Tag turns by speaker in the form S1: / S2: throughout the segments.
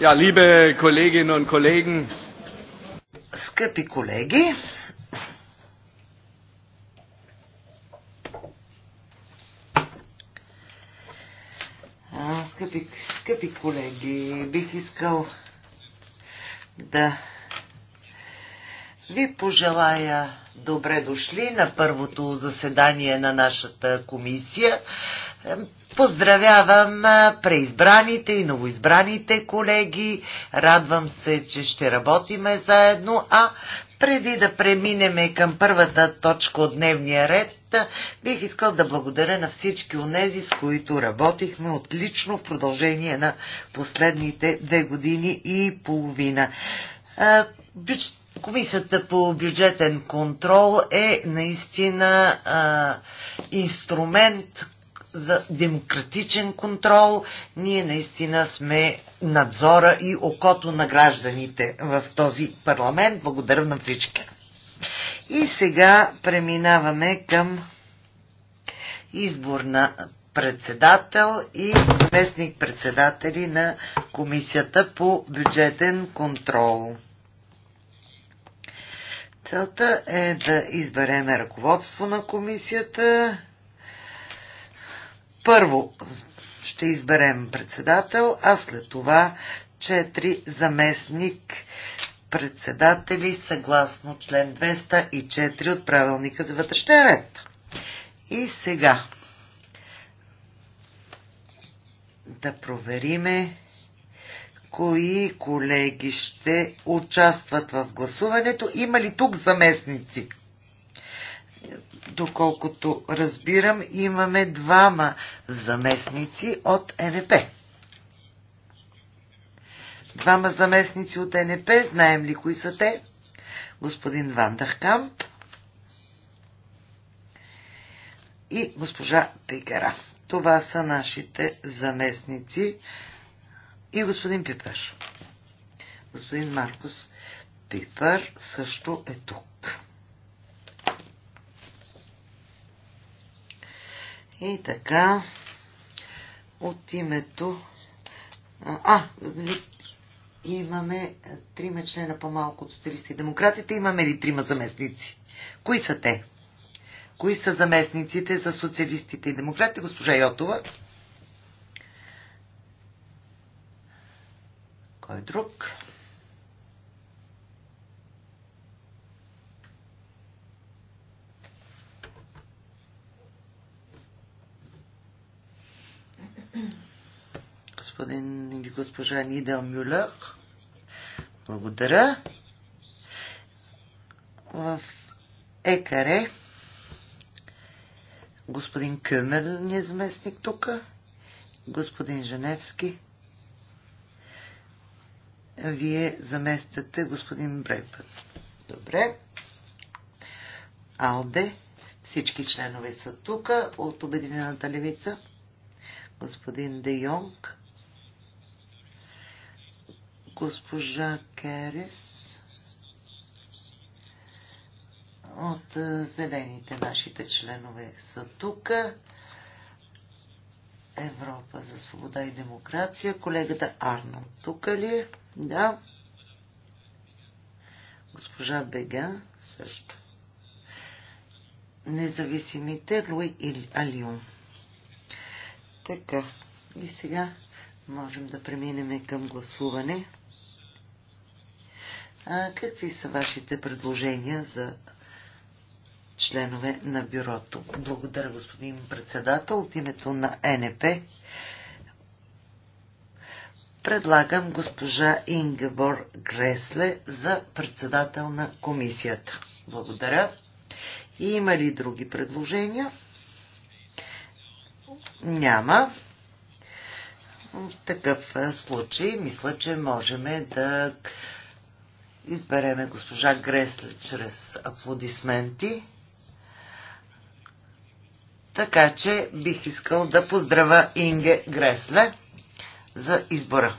S1: Ja, liebe Kolleginnen und Kollegen. Скъпи колеги, скъпи, скъпи колеги, бих искал да ви пожелая добре дошли на първото заседание на нашата комисия. Поздравявам преизбраните и новоизбраните колеги. Радвам се, че ще работиме заедно. А преди да преминем към първата точка от дневния ред, бих искал да благодаря на всички онези, с които работихме отлично в продължение на последните две години и половина. Комисията по бюджетен контрол е наистина инструмент, за демократичен контрол. Ние наистина сме надзора и окото на гражданите в този парламент. Благодаря на всички. И сега преминаваме към избор на председател и заместник председатели на Комисията по бюджетен контрол. Целта е да избереме ръководство на комисията, първо ще изберем председател, а след това четири заместник председатели съгласно член 204 от правилника за вътрешния ред. И сега да провериме кои колеги ще участват в гласуването. Има ли тук заместници? доколкото разбирам, имаме двама заместници от НП. Двама заместници от НП, знаем ли кои са те? Господин Вандахкамп и госпожа Пикера. Това са нашите заместници и господин Пипер. Господин Маркус Пипер също е тук. И така, от името... А, нали, имаме трима члена по-малко от социалисти и демократите. Имаме ли трима заместници? Кои са те? Кои са заместниците за социалистите и демократите? Госпожа Йотова. Кой е друг? госпожа Нидел Мюлер. Благодаря. В Екаре господин Кънер ни е заместник тук, господин Женевски. Вие заместяте господин Брейбът. Добре. Алде. Всички членове са тук от Обединената левица. Господин Де Йонг госпожа Керес от Зелените. Нашите членове са тук. Европа за свобода и демокрация. Колегата Арно тук ли е? Да. Госпожа Бега също. Независимите Луи и Алион. Така. И сега можем да преминем към гласуване. А, какви са вашите предложения за членове на бюрото? Благодаря, господин председател. От името на НП предлагам госпожа Ингебор Гресле за председател на комисията. Благодаря. И има ли други предложения? Няма. В такъв е, случай мисля, че можем да избереме госпожа Гресле чрез аплодисменти. Така че бих искал да поздравя Инге Гресле за избора.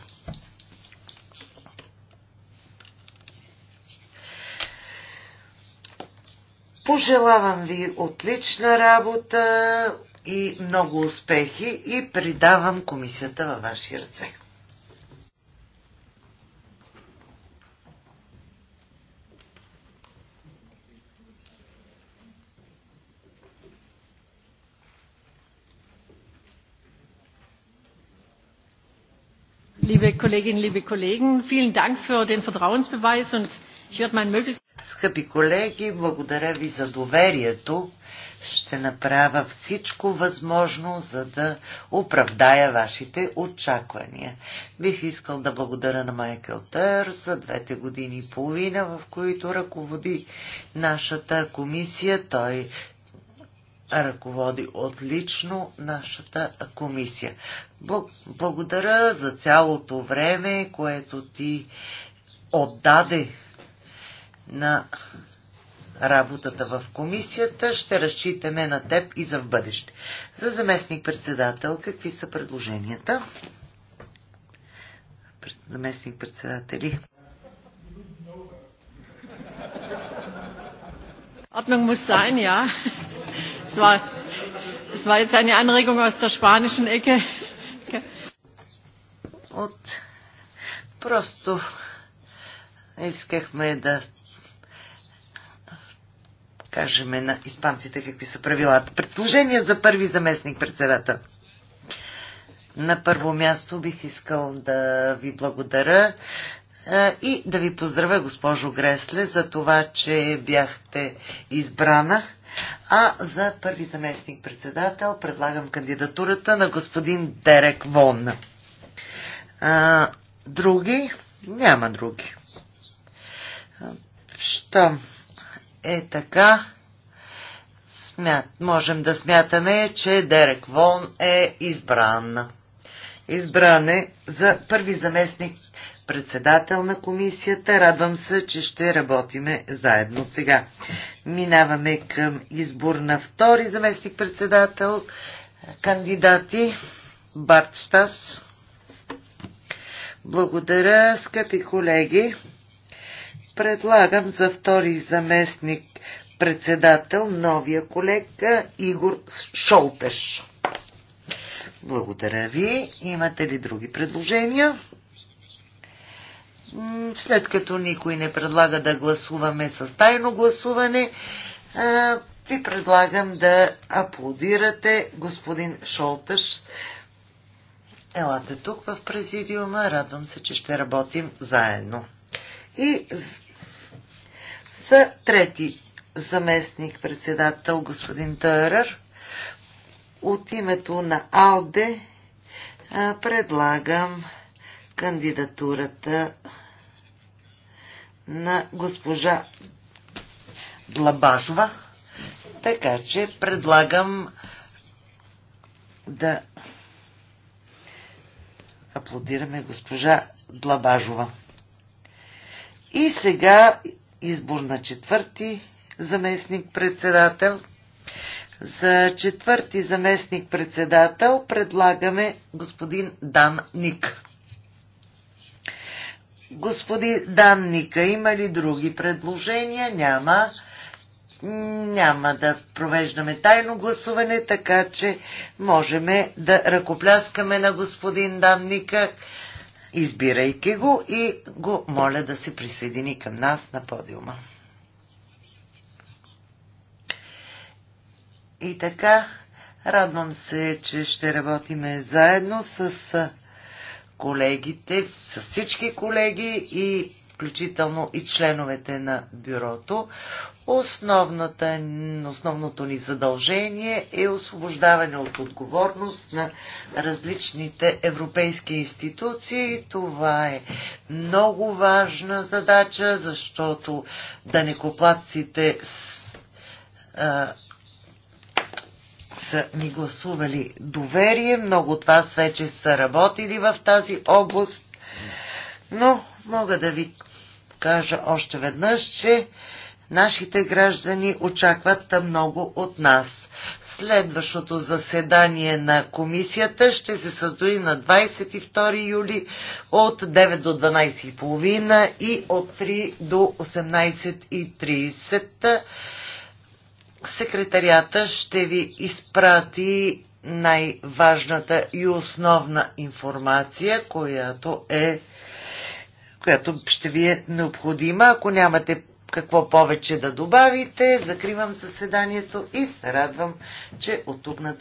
S1: Пожелавам ви отлична работа, и много успехи и придавам комисията във ваши ръце. Liebe Kolleginnen, liebe Kollegen, vielen Dank für den Vertrauensbeweis und ich werde mein Möglichstes. Скъпи колеги, благодаря ви за доверието ще направя всичко възможно, за да оправдая вашите очаквания. Бих искал да благодаря на Майкъл Тер за двете години и половина, в които ръководи нашата комисия. Той ръководи отлично нашата комисия. Благодаря за цялото време, което ти отдаде на работата в комисията. Ще разчитаме на теб и за в бъдеще. За заместник-председател, какви са предложенията? Заместник-председатели. Ordnung muss sein, ja. Es war, es war jetzt eine Anregung aus der spanischen Ecke. От просто искахме да кажем на испанците какви са правилата. Предложение за първи заместник председател. На първо място бих искал да ви благодаря и да ви поздравя, госпожо Гресле, за това, че бяхте избрана. А за първи заместник председател предлагам кандидатурата на господин Дерек Вон. А, други? Няма други. Що? е така, смят, можем да смятаме, че Дерек Вон е избран. Избран е за първи заместник председател на комисията. Радвам се, че ще работиме заедно сега. Минаваме към избор на втори заместник председател. Кандидати Барт Штас. Благодаря, скъпи колеги предлагам за втори заместник председател новия колега Игор Шолтеш. Благодаря ви. Имате ли други предложения? След като никой не предлага да гласуваме с тайно гласуване, ви предлагам да аплодирате господин Шолташ. Елате тук в президиума. Радвам се, че ще работим заедно. И за трети заместник председател господин Търър. От името на АЛДЕ предлагам кандидатурата на госпожа Длабашова. Така че предлагам да аплодираме госпожа Длабажова. И сега избор на четвърти заместник-председател. За четвърти заместник-председател предлагаме господин Дан Ник. Дан Ника, има ли други предложения? Няма. Няма да провеждаме тайно гласуване, така че можем да ръкопляскаме на господин Данника избирайки го и го моля да се присъедини към нас на подиума. И така, радвам се, че ще работиме заедно с колегите, с всички колеги и включително и членовете на бюрото. Основната, основното ни задължение е освобождаване от отговорност на различните европейски институции. Това е много важна задача, защото данекоплатците са ни гласували доверие. Много от вас вече са работили в тази област. Но мога да ви кажа още веднъж, че нашите граждани очакват много от нас. Следващото заседание на комисията ще се състои на 22 юли от 9 до 12.30 и от 3 до 18.30. Секретарията ще ви изпрати най-важната и основна информация, която е която ще ви е необходима. Ако нямате какво повече да добавите, закривам заседанието и се радвам, че от тук нататък